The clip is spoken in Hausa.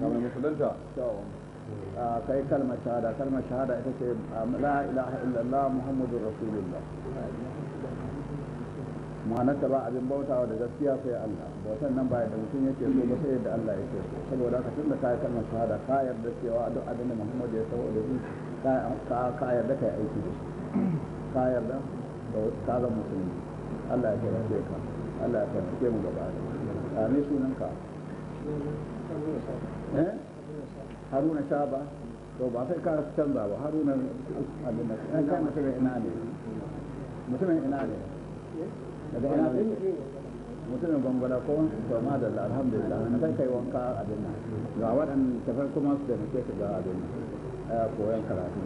kamar musulunta ah, kai kalmar shahada kalmar shahada ita ce um, la ilaha illallah muhammadur rasulullah ma'anarta ba abin bautawa da gaskiya sai Allah bautan nan ba yadda mutum yake so ba sai yadda Allah yake so saboda haka tunda ka kalmar shahada ka yarda cewa duk abin da Muhammad ya tawo da shi ka ka yarda aiki da shi ka yarda da ka ga musulmi Allah ya kira ka Allah ya kira mu gaba da amin ah, sunan ka Eh? haruna shaba to ba sai ka canza ba haruna abin nan eh, kai mutumin ina ne mutumin ina ne daga ina ne mutumin gwangwala ko to ma da alhamdulillah na kai kai wanka abin nan ga waɗanda tafar kuma su da nake shiga abin nan eh, koyon karatu